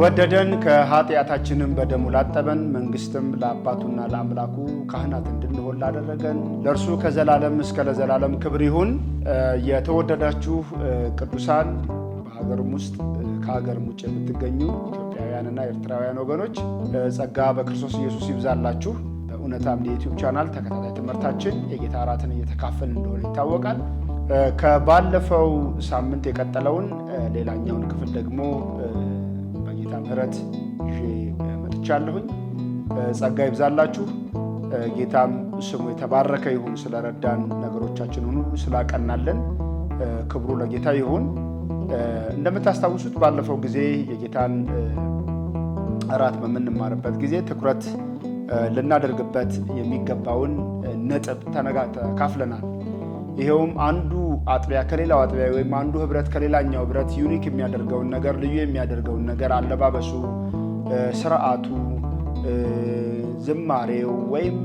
ወደደን ከኃጢአታችንም በደሙ ላጠበን መንግስትም ለአባቱና ለአምላኩ ካህናት እንድንሆን ላደረገን ለእርሱ ከዘላለም እስከ ለዘላለም ክብር ይሁን። የተወደዳችሁ ቅዱሳን በሀገርም ውስጥ ከሀገርም ውጭ የምትገኙ ኢትዮጵያውያንና ኤርትራውያን ወገኖች ጸጋ በክርስቶስ ኢየሱስ ይብዛላችሁ። በእውነታም የዩቲዩብ ቻናል ተከታታይ ትምህርታችን የጌታ እራትን እየተካፈል እንደሆነ ይታወቃል። ከባለፈው ሳምንት የቀጠለውን ሌላኛውን ክፍል ደግሞ ምህረት ይዤ መጥቻለሁኝ። ጸጋ ይብዛላችሁ። ጌታም ስሙ የተባረከ ይሁን። ስለረዳን ነገሮቻችን ሁሉ ስላቀናለን ክብሩ ለጌታ ይሁን። እንደምታስታውሱት ባለፈው ጊዜ የጌታን እራት በምንማርበት ጊዜ ትኩረት ልናደርግበት የሚገባውን ነጥብ ተካፍለናል። ይኸውም አንዱ አጥቢያ ከሌላው አጥቢያ ወይም አንዱ ህብረት ከሌላኛው ህብረት ዩኒክ የሚያደርገውን ነገር ልዩ የሚያደርገውን ነገር አለባበሱ፣ ስርዓቱ፣ ዝማሬው ወይም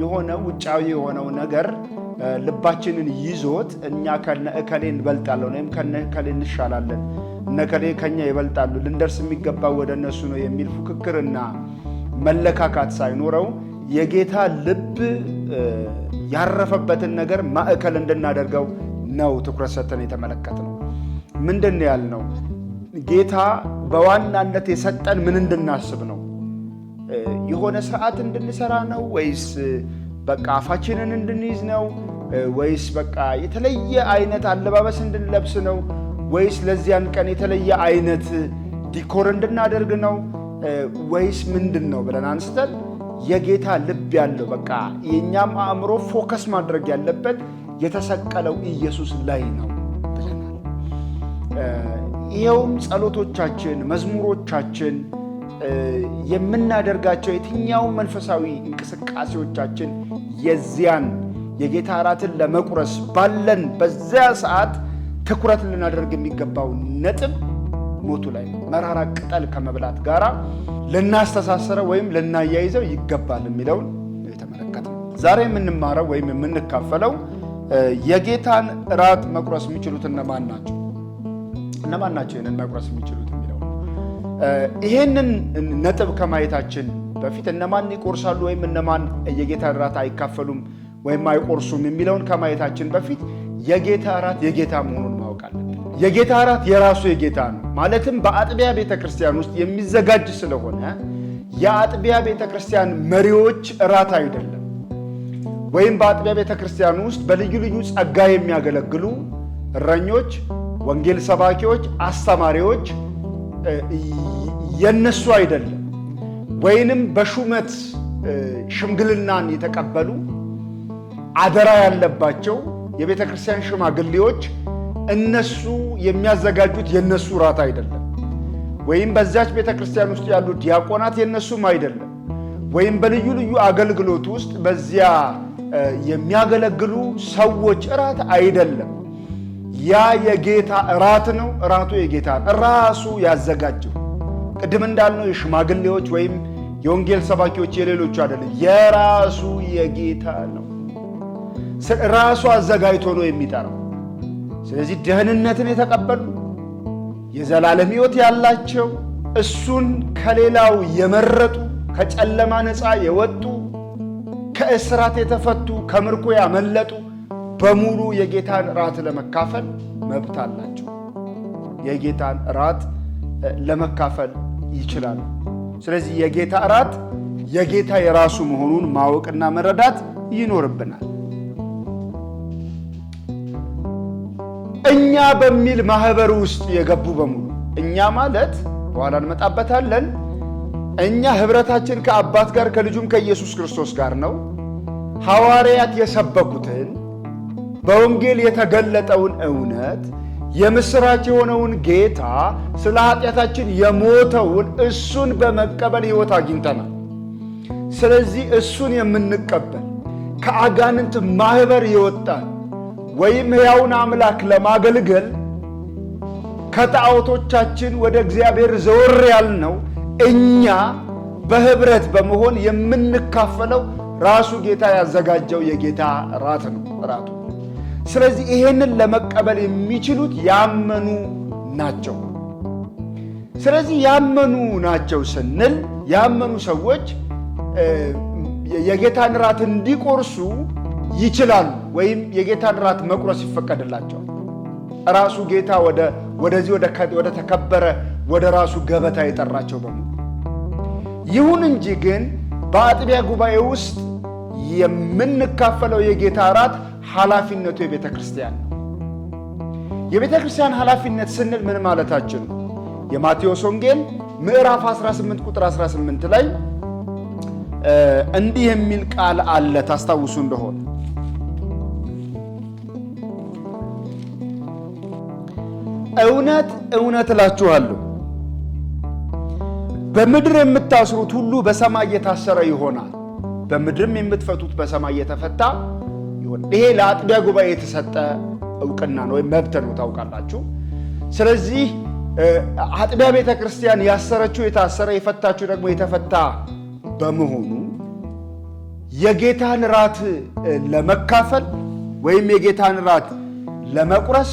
የሆነ ውጫዊ የሆነው ነገር ልባችንን ይዞት እኛ ከነ እከሌ እንበልጣለን ወይም ከነ እከሌ እንሻላለን፣ እነ እከሌ ከኛ ይበልጣሉ፣ ልንደርስ የሚገባው ወደ እነሱ ነው የሚል ፉክክርና መለካካት ሳይኖረው የጌታ ልብ ያረፈበትን ነገር ማዕከል እንድናደርገው ነው ትኩረት ሰጥተን የተመለከትነው። ምንድን ነው ያልነው? ጌታ በዋናነት የሰጠን ምን እንድናስብ ነው? የሆነ ስርዓት እንድንሰራ ነው ወይስ በቃ አፋችንን እንድንይዝ ነው ወይስ በቃ የተለየ አይነት አለባበስ እንድንለብስ ነው ወይስ ለዚያን ቀን የተለየ አይነት ዲኮር እንድናደርግ ነው ወይስ ምንድን ነው ብለን አንስተን የጌታ ልብ ያለው በቃ የእኛም አእምሮ ፎከስ ማድረግ ያለበት የተሰቀለው ኢየሱስ ላይ ነው ብለናል። ይኸውም ጸሎቶቻችን፣ መዝሙሮቻችን፣ የምናደርጋቸው የትኛው መንፈሳዊ እንቅስቃሴዎቻችን የዚያን የጌታ እራትን ለመቁረስ ባለን በዚያ ሰዓት ትኩረት ልናደርግ የሚገባው ነጥብ ሞቱ ላይ መራራ ቅጠል ከመብላት ጋራ ልናስተሳሰረ ወይም ልናያይዘው ይገባል የሚለውን የተመለከተ ዛሬ የምንማረው ወይም የምንካፈለው የጌታን እራት መቁረስ የሚችሉት እነማን ናቸው? እነማን ናቸው ይህንን መቁረስ የሚችሉት የሚለው ይሄንን ነጥብ ከማየታችን በፊት እነማን ይቆርሳሉ ወይም እነማን የጌታን እራት አይካፈሉም ወይም አይቆርሱም የሚለውን ከማየታችን በፊት የጌታ እራት የጌታ መሆኑን የጌታ እራት የራሱ የጌታ ነው። ማለትም በአጥቢያ ቤተ ክርስቲያን ውስጥ የሚዘጋጅ ስለሆነ የአጥቢያ ቤተ ክርስቲያን መሪዎች እራት አይደለም። ወይም በአጥቢያ ቤተ ክርስቲያን ውስጥ በልዩ ልዩ ጸጋ የሚያገለግሉ እረኞች፣ ወንጌል ሰባኪዎች፣ አስተማሪዎች የነሱ አይደለም። ወይንም በሹመት ሽምግልናን የተቀበሉ አደራ ያለባቸው የቤተ ክርስቲያን ሽማግሌዎች እነሱ የሚያዘጋጁት የነሱ ራት አይደለም፣ ወይም በዛች ቤተ ክርስቲያን ውስጥ ያሉ ዲያቆናት የነሱም አይደለም፣ ወይም በልዩ ልዩ አገልግሎት ውስጥ በዚያ የሚያገለግሉ ሰዎች እራት አይደለም። ያ የጌታ እራት ነው። እራቱ የጌታ ራሱ ያዘጋጀው ቅድም እንዳልነው የሽማግሌዎች ወይም የወንጌል ሰባኪዎች የሌሎቹ አይደለም፣ የራሱ የጌታ ነው። ራሱ አዘጋጅቶ ነው የሚጠራው። ስለዚህ ደህንነትን የተቀበሉ የዘላለም ሕይወት ያላቸው እሱን ከሌላው የመረጡ ከጨለማ ነፃ የወጡ ከእስራት የተፈቱ ከምርኮ ያመለጡ በሙሉ የጌታን ራት ለመካፈል መብት አላቸው። የጌታን ራት ለመካፈል ይችላሉ። ስለዚህ የጌታ ራት የጌታ የራሱ መሆኑን ማወቅና መረዳት ይኖርብናል። እኛ በሚል ማህበር ውስጥ የገቡ በሙሉ እኛ ማለት በኋላ እንመጣበታለን። እኛ ህብረታችን ከአባት ጋር ከልጁም ከኢየሱስ ክርስቶስ ጋር ነው። ሐዋርያት የሰበኩትን በወንጌል የተገለጠውን እውነት የምስራች የሆነውን ጌታ ስለ ኃጢአታችን የሞተውን እሱን በመቀበል ሕይወት አግኝተናል። ስለዚህ እሱን የምንቀበል ከአጋንንት ማኅበር የወጣን ወይም ሕያውን አምላክ ለማገልገል ከጣዖቶቻችን ወደ እግዚአብሔር ዘወር ያልነው እኛ በህብረት በመሆን የምንካፈለው ራሱ ጌታ ያዘጋጀው የጌታ ራት ነው ራቱ። ስለዚህ ይሄንን ለመቀበል የሚችሉት ያመኑ ናቸው። ስለዚህ ያመኑ ናቸው ስንል ያመኑ ሰዎች የጌታን ራት እንዲቆርሱ ይችላሉ ወይም የጌታን ራት መቁረስ ይፈቀድላቸዋል። ራሱ ጌታ ወደዚህ ወደ ተከበረ ወደ ራሱ ገበታ የጠራቸው በሙሉ። ይሁን እንጂ ግን በአጥቢያ ጉባኤ ውስጥ የምንካፈለው የጌታ እራት ኃላፊነቱ የቤተ ክርስቲያን ነው። የቤተ ክርስቲያን ኃላፊነት ስንል ምን ማለታችን ነው? የማቴዎስ ወንጌል ምዕራፍ 18 ቁጥር 18 ላይ እንዲህ የሚል ቃል አለ ታስታውሱ እንደሆነ እውነት እውነት እላችኋለሁ በምድር የምታስሩት ሁሉ በሰማይ የታሰረ ይሆናል፣ በምድርም የምትፈቱት በሰማይ የተፈታ ይሆናል። ይሄ ለአጥቢያ ጉባኤ የተሰጠ እውቅና ነው ወይም መብት ነው፣ ታውቃላችሁ። ስለዚህ አጥቢያ ቤተ ክርስቲያን ያሰረችው የታሰረ የፈታችው ደግሞ የተፈታ በመሆኑ የጌታን ራት ለመካፈል ወይም የጌታን ራት ለመቁረስ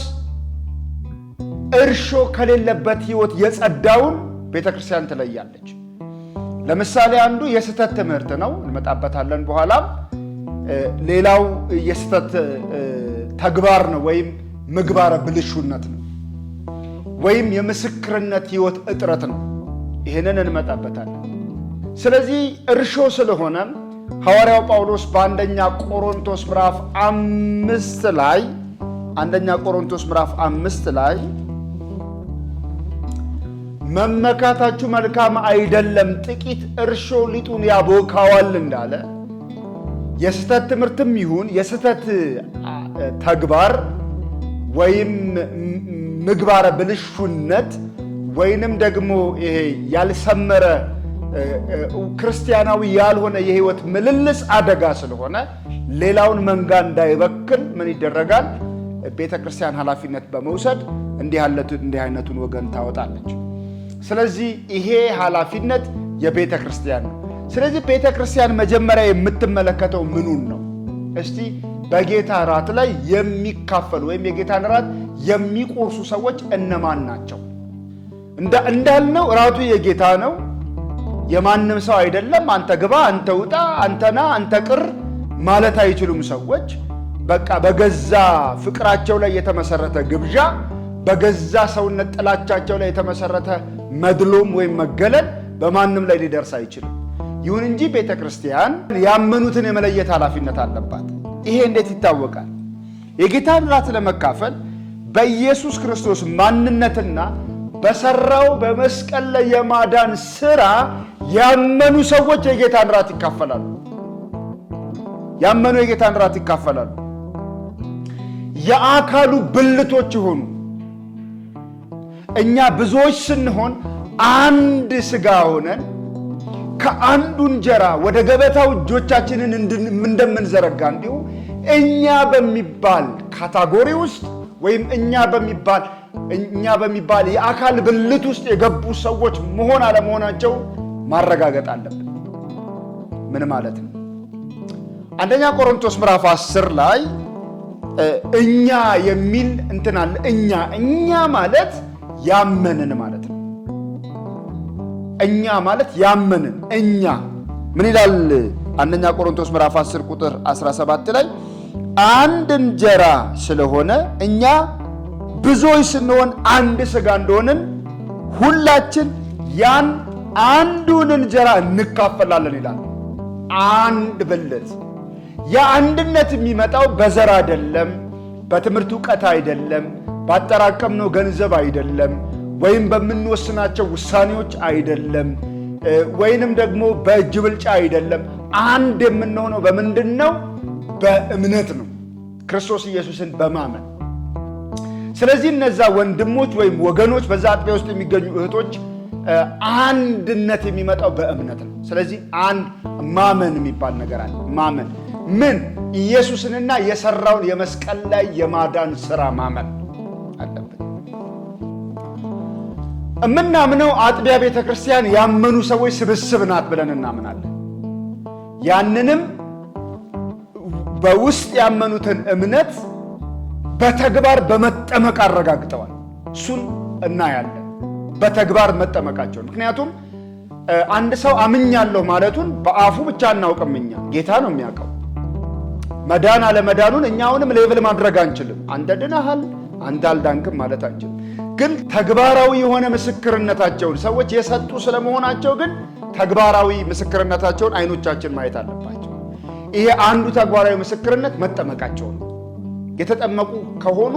እርሾ ከሌለበት ሕይወት የጸዳውን ቤተ ክርስቲያን ትለያለች። ለምሳሌ አንዱ የስህተት ትምህርት ነው፣ እንመጣበታለን በኋላም። ሌላው የስህተት ተግባር ነው ወይም ምግባረ ብልሹነት ነው ወይም የምስክርነት ሕይወት እጥረት ነው። ይህንን እንመጣበታለን። ስለዚህ እርሾ ስለሆነም ሐዋርያው ጳውሎስ በአንደኛ ቆሮንቶስ ምዕራፍ አምስት ላይ አንደኛ ቆሮንቶስ ምዕራፍ አምስት ላይ መመካታችሁ መልካም አይደለም፣ ጥቂት እርሾ ሊጡን ያቦካዋል እንዳለ የስህተት ትምህርትም ይሁን የስህተት ተግባር ወይም ምግባረ ብልሹነት ወይንም ደግሞ ይሄ ያልሰመረ ክርስቲያናዊ ያልሆነ የህይወት ምልልስ አደጋ ስለሆነ ሌላውን መንጋ እንዳይበክል ምን ይደረጋል? ቤተ ክርስቲያን ኃላፊነት በመውሰድ እንዲህ አይነቱን ወገን ታወጣለች። ስለዚህ ይሄ ኃላፊነት የቤተ ክርስቲያን ነው። ስለዚህ ቤተ ክርስቲያን መጀመሪያ የምትመለከተው ምኑን ነው? እስቲ በጌታ ራት ላይ የሚካፈሉ ወይም የጌታን ራት የሚቆርሱ ሰዎች እነማን ናቸው? እንዳልነው ራቱ የጌታ ነው። የማንም ሰው አይደለም። አንተ ግባ፣ አንተ ውጣ፣ አንተና አንተ ቅር ማለት አይችሉም ሰዎች። በቃ በገዛ ፍቅራቸው ላይ የተመሰረተ ግብዣ፣ በገዛ ሰውነት ጥላቻቸው ላይ የተመሰረተ መድሎም ወይም መገለል በማንም ላይ ሊደርስ አይችልም። ይሁን እንጂ ቤተ ክርስቲያን ያመኑትን የመለየት ኃላፊነት አለባት። ይሄ እንዴት ይታወቃል? የጌታን ራት ለመካፈል በኢየሱስ ክርስቶስ ማንነትና በሰራው በመስቀል ላይ የማዳን ስራ ያመኑ ሰዎች የጌታን ራት ይካፈላሉ። ያመኑ የጌታን ራት ይካፈላሉ። የአካሉ ብልቶች ይሆኑ። እኛ ብዙዎች ስንሆን አንድ ስጋ ሆነን ከአንዱ እንጀራ ወደ ገበታው እጆቻችንን እንደምንዘረጋ እንዲሁ እኛ በሚባል ካታጎሪ ውስጥ ወይም እኛ በሚባል እኛ በሚባል የአካል ብልት ውስጥ የገቡ ሰዎች መሆን አለመሆናቸው ማረጋገጥ አለብን። ምን ማለት ነው? አንደኛ ቆሮንቶስ ምዕራፍ 10 ላይ እኛ የሚል እንትን አለ። እኛ እኛ ማለት ያመንን ማለት ነው። እኛ ማለት ያመንን እኛ ምን ይላል? አንደኛ ቆሮንቶስ ምዕራፍ 10 ቁጥር 17 ላይ አንድ እንጀራ ስለሆነ እኛ ብዙዎች ስንሆን አንድ ስጋ እንደሆንን ሁላችን ያን አንዱን እንጀራ እንካፈላለን ይላል። አንድ ብልት። የአንድነት የሚመጣው በዘር አይደለም፣ በትምህርት እውቀት አይደለም፣ ባጠራቀምነው ገንዘብ አይደለም፣ ወይም በምንወስናቸው ውሳኔዎች አይደለም፣ ወይንም ደግሞ በእጅ ብልጫ አይደለም። አንድ የምንሆነው በምንድን ነው? በእምነት ነው። ክርስቶስ ኢየሱስን በማመን ስለዚህ እነዛ ወንድሞች ወይም ወገኖች በዛ አጥቢያ ውስጥ የሚገኙ እህቶች አንድነት የሚመጣው በእምነት ነው። ስለዚህ አንድ ማመን የሚባል ነገር አለ። ማመን ምን? ኢየሱስንና የሰራውን የመስቀል ላይ የማዳን ስራ ማመን አለብን። የምናምነው አጥቢያ ቤተ ክርስቲያን ያመኑ ሰዎች ስብስብ ናት ብለን እናምናለን። ያንንም በውስጥ ያመኑትን እምነት በተግባር በመጠመቅ አረጋግጠዋል። እሱን እናያለን፣ በተግባር መጠመቃቸው። ምክንያቱም አንድ ሰው አምኛለሁ ማለቱን በአፉ ብቻ አናውቅም፣ እኛ ጌታ ነው የሚያውቀው። መዳን አለመዳኑን እኛ አሁንም ሌብል ማድረግ አንችልም። አንተ ድናሃል፣ አንተ አልዳንክም ማለት አንችልም። ግን ተግባራዊ የሆነ ምስክርነታቸውን ሰዎች የሰጡ ስለመሆናቸው ግን ተግባራዊ ምስክርነታቸውን አይኖቻችን ማየት አለባቸው። ይሄ አንዱ ተግባራዊ ምስክርነት መጠመቃቸው ነው። የተጠመቁ ከሆኑ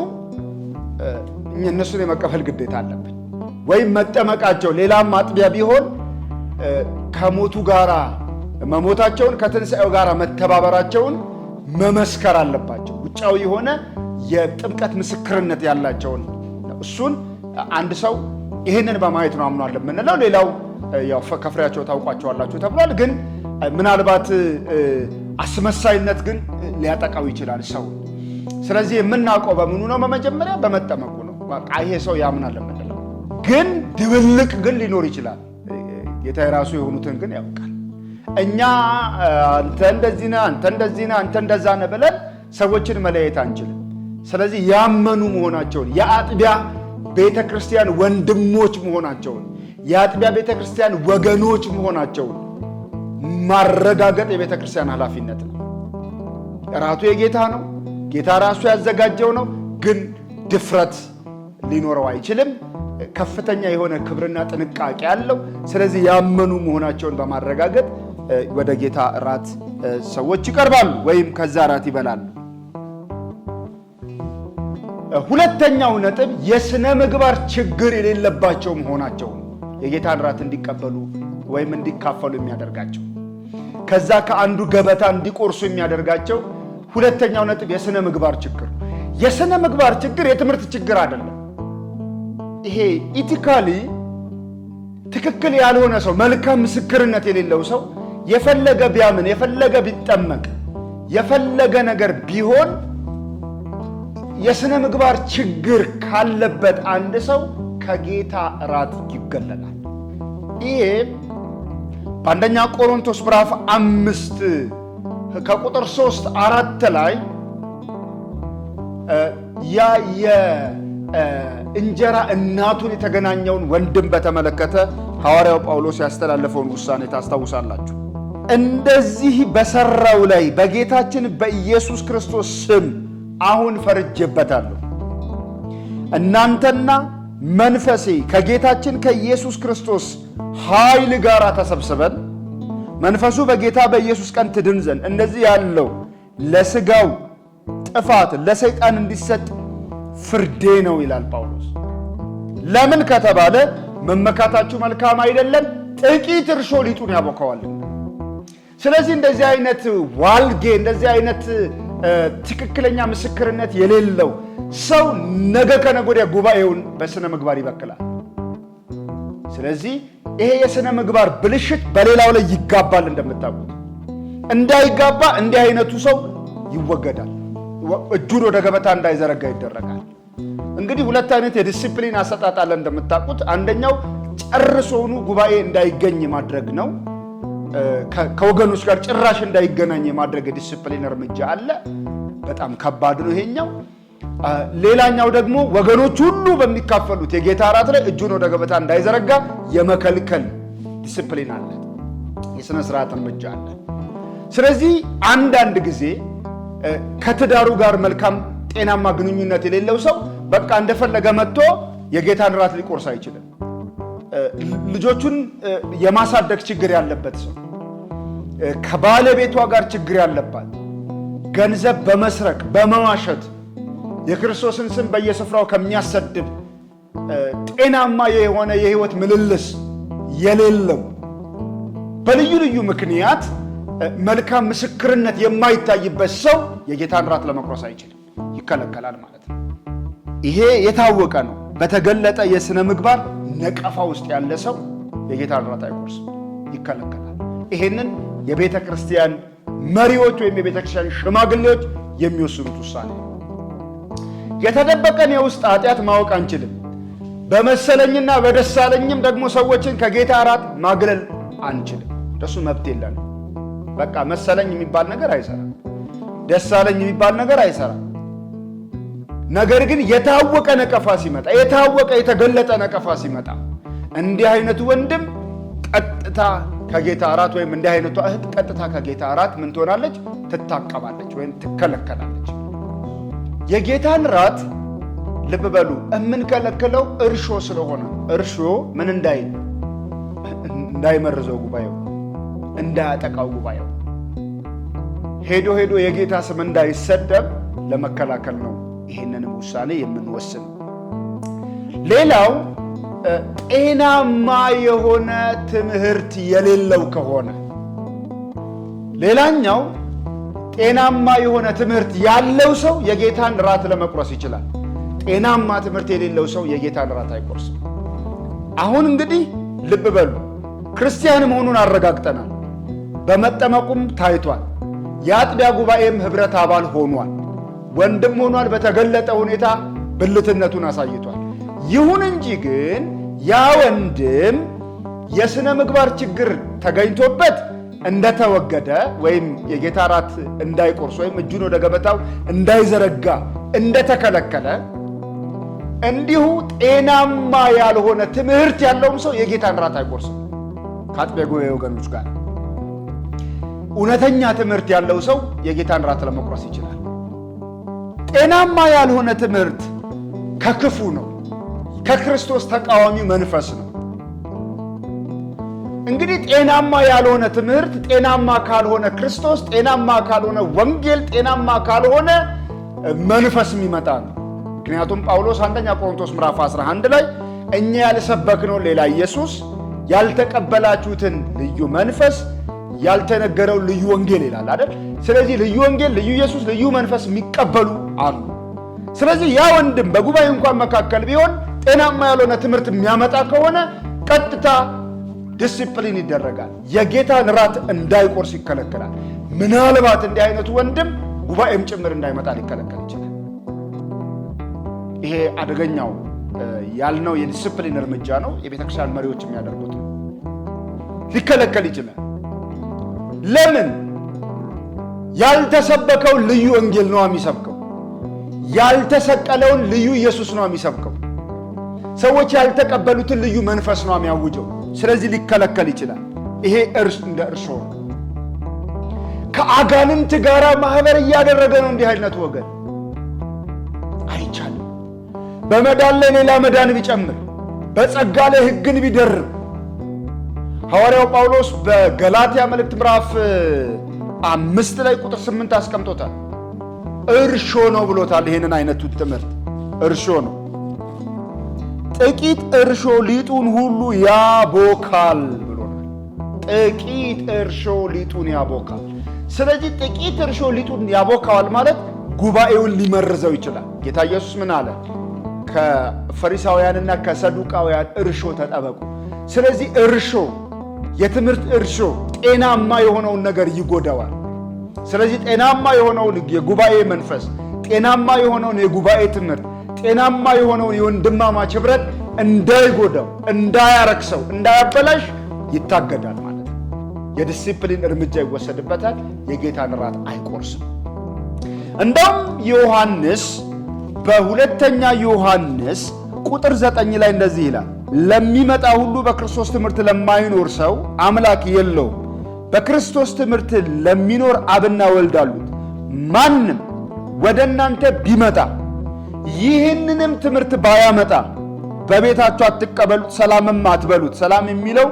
እነሱን የመቀፈል ግዴታ አለብን። ወይም መጠመቃቸው ሌላም ማጥቢያ ቢሆን ከሞቱ ጋራ መሞታቸውን ከትንሣኤው ጋር መተባበራቸውን መመስከር አለባቸው። ውጫዊ የሆነ የጥምቀት ምስክርነት ያላቸውን እሱን አንድ ሰው ይህንን በማየት ነው አምኗል የምንለው። ሌላው ከፍሬያቸው ታውቋቸዋላችሁ ተብሏል። ግን ምናልባት አስመሳይነት ግን ሊያጠቃው ይችላል ሰው ስለዚህ የምናውቀው በምኑ ነው? በመጀመሪያ በመጠመቁ ነው። በቃ ይሄ ሰው ያምናል የምንለው ግን ድብልቅ ግን ሊኖር ይችላል። ጌታ የራሱ የሆኑትን ግን ያውቃል። እኛ አንተ እንደዚህ ነህ፣ አንተ እንደዚህ ነህ፣ አንተ እንደዛ ነህ ብለን ሰዎችን መለየት አንችልም። ስለዚህ ያመኑ መሆናቸውን የአጥቢያ ቤተ ክርስቲያን ወንድሞች መሆናቸውን የአጥቢያ ቤተ ክርስቲያን ወገኖች መሆናቸውን ማረጋገጥ የቤተ ክርስቲያን ኃላፊነት ነው። እራቱ የጌታ ነው። ጌታ ራሱ ያዘጋጀው ነው። ግን ድፍረት ሊኖረው አይችልም። ከፍተኛ የሆነ ክብርና ጥንቃቄ አለው። ስለዚህ ያመኑ መሆናቸውን በማረጋገጥ ወደ ጌታ እራት ሰዎች ይቀርባሉ ወይም ከዛ እራት ይበላሉ። ሁለተኛው ነጥብ የሥነ ምግባር ችግር የሌለባቸው መሆናቸው የጌታን እራት እንዲቀበሉ ወይም እንዲካፈሉ የሚያደርጋቸው ከዛ ከአንዱ ገበታ እንዲቆርሱ የሚያደርጋቸው ሁለተኛው ነጥብ የስነ ምግባር ችግር። የስነ ምግባር ችግር የትምህርት ችግር አይደለም። ይሄ ኢቲካሊ ትክክል ያልሆነ ሰው፣ መልካም ምስክርነት የሌለው ሰው የፈለገ ቢያምን የፈለገ ቢጠመቅ የፈለገ ነገር ቢሆን የስነ ምግባር ችግር ካለበት አንድ ሰው ከጌታ እራት ይገለላል። ይሄ በአንደኛ ቆሮንቶስ ምዕራፍ አምስት ከቁጥር ሶስት አራት ላይ ያ የእንጀራ እናቱን የተገናኘውን ወንድም በተመለከተ ሐዋርያው ጳውሎስ ያስተላለፈውን ውሳኔ ታስታውሳላችሁ። እንደዚህ በሰራው ላይ በጌታችን በኢየሱስ ክርስቶስ ስም አሁን ፈርጄበታለሁ። እናንተና መንፈሴ ከጌታችን ከኢየሱስ ክርስቶስ ኃይል ጋር ተሰብስበን መንፈሱ በጌታ በኢየሱስ ቀን ትድን ዘንድ እንደዚህ ያለው ለስጋው ጥፋት ለሰይጣን እንዲሰጥ ፍርዴ ነው ይላል ጳውሎስ። ለምን ከተባለ መመካታችሁ መልካም አይደለም፣ ጥቂት እርሾ ሊጡን ያቦከዋል። ስለዚህ እንደዚህ አይነት ዋልጌ እንደዚህ አይነት ትክክለኛ ምስክርነት የሌለው ሰው ነገ ከነገ ወዲያ ጉባኤውን በሥነ ምግባር ይበክላል። ስለዚህ ይሄ የሥነ ምግባር ብልሽት በሌላው ላይ ይጋባል። እንደምታውቁት እንዳይጋባ እንዲህ አይነቱ ሰው ይወገዳል። እጁን ወደ ገበታ እንዳይዘረጋ ይደረጋል። እንግዲህ ሁለት አይነት የዲሲፕሊን አሰጣጥ አለ እንደምታውቁት። አንደኛው ጨርሶውኑ ጉባኤ እንዳይገኝ ማድረግ ነው። ከወገኖች ጋር ጭራሽ እንዳይገናኝ የማድረግ የዲሲፕሊን እርምጃ አለ። በጣም ከባድ ነው ይሄኛው። ሌላኛው ደግሞ ወገኖች ሁሉ በሚካፈሉት የጌታ እራት ላይ እጁን ወደ ገበታ እንዳይዘረጋ የመከልከል ዲስፕሊን አለ፣ የሥነ ሥርዓት እርምጃ አለ። ስለዚህ አንዳንድ ጊዜ ከትዳሩ ጋር መልካም ጤናማ ግንኙነት የሌለው ሰው በቃ እንደፈለገ መጥቶ የጌታን እራት ሊቆርስ አይችልም። ልጆቹን የማሳደግ ችግር ያለበት ሰው፣ ከባለቤቷ ጋር ችግር ያለባት፣ ገንዘብ በመስረቅ በመዋሸት የክርስቶስን ስም በየስፍራው ከሚያሰድብ ጤናማ የሆነ የህይወት ምልልስ የሌለው በልዩ ልዩ ምክንያት መልካም ምስክርነት የማይታይበት ሰው የጌታን ራት ለመቁረስ አይችልም፣ ይከለከላል ማለት ነው። ይሄ የታወቀ ነው። በተገለጠ የሥነ ምግባር ነቀፋ ውስጥ ያለ ሰው የጌታን ራት አይቆርስም፣ ይከለከላል። ይሄንን የቤተ ክርስቲያን መሪዎች ወይም የቤተ ክርስቲያን ሽማግሌዎች የሚወስኑት ውሳኔ ነው። የተደበቀን የውስጥ ኃጢአት ማወቅ አንችልም። በመሰለኝና በደሳለኝም ደግሞ ሰዎችን ከጌታ አራት ማግለል አንችልም። እንደሱ መብት የለን። በቃ መሰለኝ የሚባል ነገር አይሰራም። ደሳለኝ የሚባል ነገር አይሰራም። ነገር ግን የታወቀ ነቀፋ ሲመጣ፣ የታወቀ የተገለጠ ነቀፋ ሲመጣ እንዲህ አይነቱ ወንድም ቀጥታ ከጌታ እራት ወይም እንዲህ አይነቷ እህት ቀጥታ ከጌታ እራት ምን ትሆናለች? ትታቀባለች ወይም ትከለከላለች። የጌታን ራት ልብ በሉ የምንከለክለው እርሾ ስለሆነ እርሾ ምን እንዳይ እንዳይመርዘው ጉባኤው እንዳያጠቃው ጉባኤው ሄዶ ሄዶ የጌታ ስም እንዳይሰደብ ለመከላከል ነው። ይህንንም ውሳኔ የምንወስን ሌላው ጤናማ የሆነ ትምህርት የሌለው ከሆነ ሌላኛው ጤናማ የሆነ ትምህርት ያለው ሰው የጌታን ራት ለመቁረስ ይችላል። ጤናማ ትምህርት የሌለው ሰው የጌታን ራት አይቆርስም። አሁን እንግዲህ ልብ በሉ፣ ክርስቲያን መሆኑን አረጋግጠናል። በመጠመቁም ታይቷል። የአጥቢያ ጉባኤም ኅብረት አባል ሆኗል። ወንድም ሆኗል። በተገለጠ ሁኔታ ብልትነቱን አሳይቷል። ይሁን እንጂ ግን ያ ወንድም የሥነ ምግባር ችግር ተገኝቶበት እንደተወገደ ወይም የጌታ ራት እንዳይቆርስ ወይም እጁን ወደ ገበታው እንዳይዘረጋ እንደተከለከለ እንዲሁ ጤናማ ያልሆነ ትምህርት ያለውም ሰው የጌታን ራት አይቆርስም ከአጥቢያ ጉባኤ ወገኖች ጋር። እውነተኛ ትምህርት ያለው ሰው የጌታን ራት ለመቁረስ ይችላል። ጤናማ ያልሆነ ትምህርት ከክፉ ነው፣ ከክርስቶስ ተቃዋሚ መንፈስ ነው። እንግዲህ ጤናማ ያልሆነ ትምህርት፣ ጤናማ ካልሆነ ክርስቶስ፣ ጤናማ ካልሆነ ወንጌል፣ ጤናማ ካልሆነ መንፈስ የሚመጣ ነው። ምክንያቱም ጳውሎስ አንደኛ ቆሮንቶስ ምዕራፍ 11 ላይ እኛ ያልሰበክነውን ሌላ ኢየሱስ፣ ያልተቀበላችሁትን ልዩ መንፈስ፣ ያልተነገረው ልዩ ወንጌል ይላል አይደል? ስለዚህ ልዩ ወንጌል፣ ልዩ ኢየሱስ፣ ልዩ መንፈስ የሚቀበሉ አሉ። ስለዚህ ያ ወንድም በጉባኤ እንኳን መካከል ቢሆን ጤናማ ያልሆነ ትምህርት የሚያመጣ ከሆነ ቀጥታ ዲስፕሊን ይደረጋል። የጌታን ራት እንዳይቆርስ ይከለከላል። ምናልባት እንዲህ አይነቱ ወንድም ጉባኤም ጭምር እንዳይመጣ ሊከለከል ይችላል። ይሄ አደገኛው ያልነው የዲስፕሊን እርምጃ ነው። የቤተክርስቲያን መሪዎች የሚያደርጉት ነው። ሊከለከል ይችላል። ለምን? ያልተሰበከው ልዩ ወንጌል ነው የሚሰብከው። ያልተሰቀለውን ልዩ ኢየሱስ ነው የሚሰብከው። ሰዎች ያልተቀበሉትን ልዩ መንፈስ ነው የሚያውጀው። ስለዚህ ሊከለከል ይችላል። ይሄ እርስ እንደ እርስ ከአጋንንት ጋር ማህበር እያደረገ ነው። እንዲህ አይነት ወገን አይቻልም። በመዳን ላይ ሌላ መዳን ቢጨምር፣ በጸጋ ላይ ህግን ቢደርብ ሐዋርያው ጳውሎስ በገላትያ መልእክት ምዕራፍ አምስት ላይ ቁጥር ስምንት አስቀምጦታል። እርሾ ነው ብሎታል። ይህንን አይነቱ ትምህርት እርሾ ነው። ጥቂት እርሾ ሊጡን ሁሉ ያቦካል ብሎናል። ጥቂት እርሾ ሊጡን ያቦካል። ስለዚህ ጥቂት እርሾ ሊጡን ያቦካዋል ማለት ጉባኤውን ሊመርዘው ይችላል። ጌታ ኢየሱስ ምን አለ? ከፈሪሳውያንና ከሰዱቃውያን እርሾ ተጠበቁ። ስለዚህ እርሾ፣ የትምህርት እርሾ ጤናማ የሆነውን ነገር ይጎዳዋል። ስለዚህ ጤናማ የሆነውን የጉባኤ መንፈስ፣ ጤናማ የሆነውን የጉባኤ ትምህርት ጤናማ የሆነውን የወንድማማች ህብረት እንዳይጎዳው፣ እንዳያረክሰው፣ እንዳያበላሽ ይታገዳል ማለት ነው። የዲሲፕሊን እርምጃ ይወሰድበታል። የጌታን ራት አይቆርስም። እንደውም ዮሐንስ በሁለተኛ ዮሐንስ ቁጥር ዘጠኝ ላይ እንደዚህ ይላል ለሚመጣ ሁሉ በክርስቶስ ትምህርት ለማይኖር ሰው አምላክ የለውም። በክርስቶስ ትምህርት ለሚኖር አብና ወልድ አሉት። ማንም ወደ እናንተ ቢመጣ ይህንንም ትምህርት ባያመጣ በቤታችሁ አትቀበሉት፣ ሰላምም አትበሉት። ሰላም የሚለው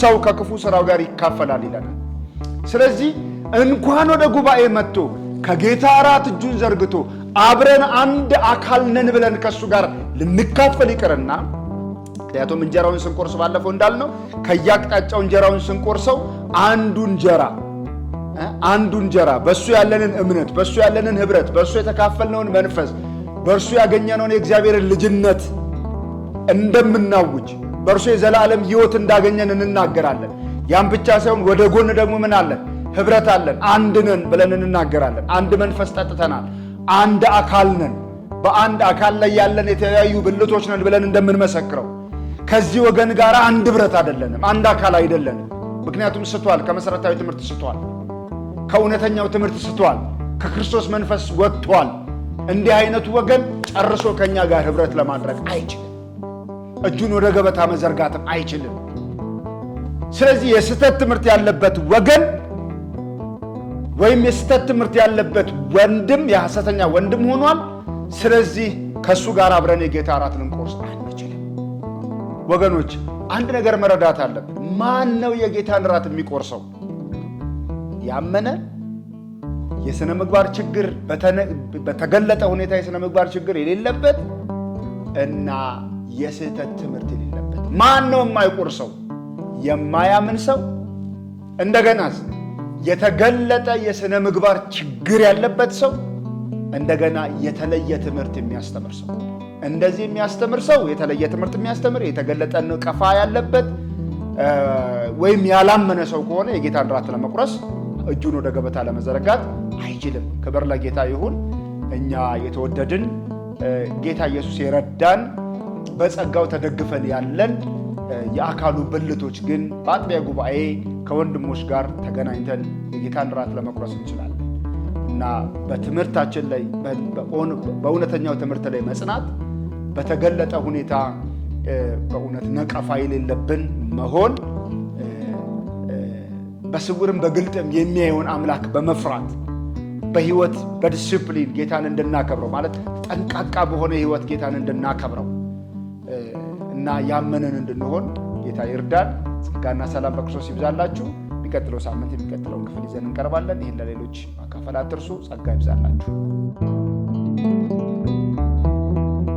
ሰው ከክፉ ስራው ጋር ይካፈላል ይላል። ስለዚህ እንኳን ወደ ጉባኤ መጥቶ ከጌታ እራት እጁን ዘርግቶ አብረን አንድ አካል ነን ብለን ከእሱ ጋር ልንካፈል ይቅርና ምክንያቱም እንጀራውን ስንቆርስ ባለፈው እንዳልነው ከየአቅጣጫው እንጀራውን ስንቆርሰው አንዱ እንጀራ አንዱ እንጀራ በእሱ ያለንን እምነት፣ በእሱ ያለንን ህብረት፣ በእሱ የተካፈልነውን መንፈስ በእርሱ ያገኘነውን የእግዚአብሔርን ልጅነት እንደምናውጅ በእርሱ የዘላለም ሕይወት እንዳገኘን እንናገራለን። ያም ብቻ ሳይሆን ወደ ጎን ደግሞ ምን አለን? ህብረት አለን። አንድ ነን ብለን እንናገራለን። አንድ መንፈስ ጠጥተናል። አንድ አካል ነን። በአንድ አካል ላይ ያለን የተለያዩ ብልቶች ነን ብለን እንደምንመሰክረው ከዚህ ወገን ጋር አንድ ህብረት አይደለንም፣ አንድ አካል አይደለንም። ምክንያቱም ስቷል፣ ከመሰረታዊ ትምህርት ስቷል፣ ከእውነተኛው ትምህርት ስቷል፣ ከክርስቶስ መንፈስ ወጥቷል። እንዲህ አይነቱ ወገን ጨርሶ ከእኛ ጋር ህብረት ለማድረግ አይችልም። እጁን ወደ ገበታ መዘርጋትም አይችልም። ስለዚህ የስህተት ትምህርት ያለበት ወገን ወይም የስህተት ትምህርት ያለበት ወንድም የሐሰተኛ ወንድም ሆኗል። ስለዚህ ከእሱ ጋር አብረን የጌታ እራት ልንቆርስ አንችልም። ወገኖች አንድ ነገር መረዳት አለብን። ማን ነው የጌታን እራት የሚቆርሰው? ያመነ የሥነ ምግባር ችግር በተገለጠ ሁኔታ የሥነ ምግባር ችግር የሌለበት እና የስህተት ትምህርት የሌለበት ማን ነው? የማይቆር ሰው የማያምን ሰው እንደገና የተገለጠ የሥነ ምግባር ችግር ያለበት ሰው እንደገና የተለየ ትምህርት የሚያስተምር ሰው እንደዚህ የሚያስተምር ሰው የተለየ ትምህርት የሚያስተምር የተገለጠ ንቀፋ ያለበት ወይም ያላመነ ሰው ከሆነ የጌታን ራት ለመቁረስ እጁን ወደ ገበታ ለመዘረጋት አይችልም። ክብር ለጌታ ይሁን። እኛ የተወደድን ጌታ ኢየሱስ የረዳን በጸጋው ተደግፈን ያለን የአካሉ ብልቶች ግን በአጥቢያ ጉባኤ ከወንድሞች ጋር ተገናኝተን የጌታን ራት ለመቁረስ እንችላለን እና በትምህርታችን ላይ በእውነተኛው ትምህርት ላይ መጽናት በተገለጠ ሁኔታ በእውነት ነቀፋ የሌለብን መሆን በስውርም በግልጥም የሚያየውን አምላክ በመፍራት በህይወት በዲስፕሊን ጌታን እንድናከብረው ማለት ጠንቃቃ በሆነ ህይወት ጌታን እንድናከብረው እና ያመንን እንድንሆን ጌታ ይርዳን። ጸጋና ሰላም በክርስቶስ ይብዛላችሁ። የሚቀጥለው ሳምንት የሚቀጥለውን ክፍል ይዘን እንቀርባለን። ይህን ለሌሎች ማካፈል አትርሱ። ጸጋ ይብዛላችሁ።